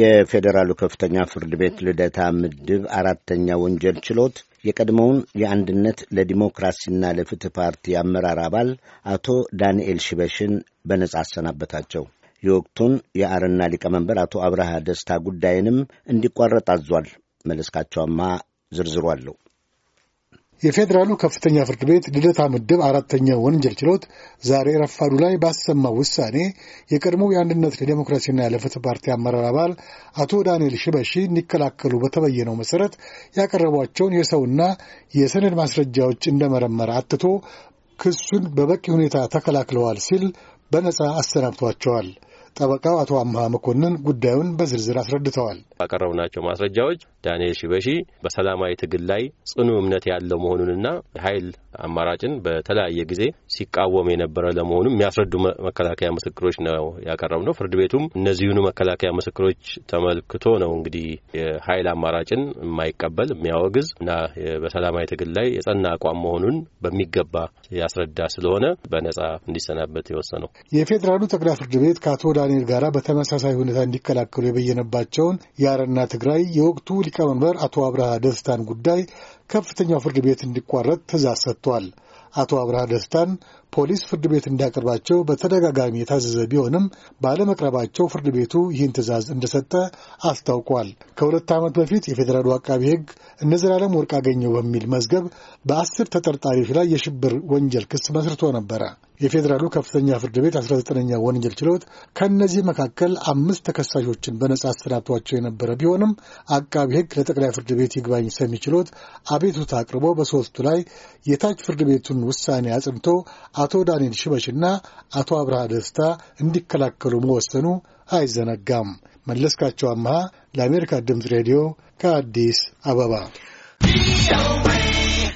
የፌዴራሉ ከፍተኛ ፍርድ ቤት ልደታ ምድብ አራተኛ ወንጀል ችሎት የቀድሞውን የአንድነት ለዲሞክራሲና ለፍትህ ፓርቲ አመራር አባል አቶ ዳንኤል ሽበሽን በነጻ አሰናበታቸው። የወቅቱን የአረና ሊቀመንበር አቶ አብርሃ ደስታ ጉዳይንም እንዲቋረጥ አዟል። መለስካቸውማ ዝርዝሩ አለው። የፌዴራሉ ከፍተኛ ፍርድ ቤት ልደታ ምድብ አራተኛ ወንጀል ችሎት ዛሬ ረፋዱ ላይ ባሰማው ውሳኔ የቀድሞው የአንድነት ለዴሞክራሲና ለፍትህ ፓርቲ አመራር አባል አቶ ዳንኤል ሽበሺ እንዲከላከሉ በተበየነው መሰረት ያቀረቧቸውን የሰውና የሰነድ ማስረጃዎች እንደመረመረ አትቶ ክሱን በበቂ ሁኔታ ተከላክለዋል ሲል በነጻ አሰናብቷቸዋል። ጠበቃው አቶ አምሃ መኮንን ጉዳዩን በዝርዝር አስረድተዋል። ባቀረብናቸው ማስረጃዎች ዳንኤል ሽበሺ በሰላማዊ ትግል ላይ ጽኑ እምነት ያለው መሆኑንና ኃይል አማራጭን በተለያየ ጊዜ ሲቃወም የነበረ ለመሆኑ የሚያስረዱ መከላከያ ምስክሮች ነው ያቀረብ ነው። ፍርድ ቤቱም እነዚሁኑ መከላከያ ምስክሮች ተመልክቶ ነው እንግዲህ የኃይል አማራጭን የማይቀበል የሚያወግዝ እና በሰላማዊ ትግል ላይ የጸና አቋም መሆኑን በሚገባ ያስረዳ ስለሆነ በነጻ እንዲሰናበት የወሰነው የፌዴራሉ ጠቅላይ ፍርድ ቤት ከአቶ ከሱዳኔል ጋር በተመሳሳይ ሁኔታ እንዲከላከሉ የበየነባቸውን የአረና ትግራይ የወቅቱ ሊቀመንበር አቶ አብርሃ ደስታን ጉዳይ ከፍተኛው ፍርድ ቤት እንዲቋረጥ ትእዛዝ ሰጥቷል። አቶ አብርሃ ደስታን ፖሊስ ፍርድ ቤት እንዲያቀርባቸው በተደጋጋሚ የታዘዘ ቢሆንም ባለመቅረባቸው ፍርድ ቤቱ ይህን ትእዛዝ እንደሰጠ አስታውቋል። ከሁለት ዓመት በፊት የፌዴራሉ አቃቢ ሕግ እነ ዘላለም ወርቅ አገኘው በሚል መዝገብ በአስር ተጠርጣሪዎች ላይ የሽብር ወንጀል ክስ መስርቶ ነበረ። የፌዴራሉ ከፍተኛ ፍርድ ቤት 19ኛ ወንጀል ችሎት ከእነዚህ መካከል አምስት ተከሳሾችን በነጻ አሰናብቷቸው የነበረ ቢሆንም አቃቢ ሕግ ለጠቅላይ ፍርድ ቤት ይግባኝ ሰሚ ችሎት አቤቱታ አቅርቦ በሦስቱ ላይ የታች ፍርድ ቤቱን ውሳኔ አጽንቶ አቶ ዳንኤል ሽበሽና አቶ አብርሃ ደስታ እንዲከላከሉ መወሰኑ አይዘነጋም። መለስካቸው አመሃ ለአሜሪካ ድምፅ ሬዲዮ ከአዲስ አበባ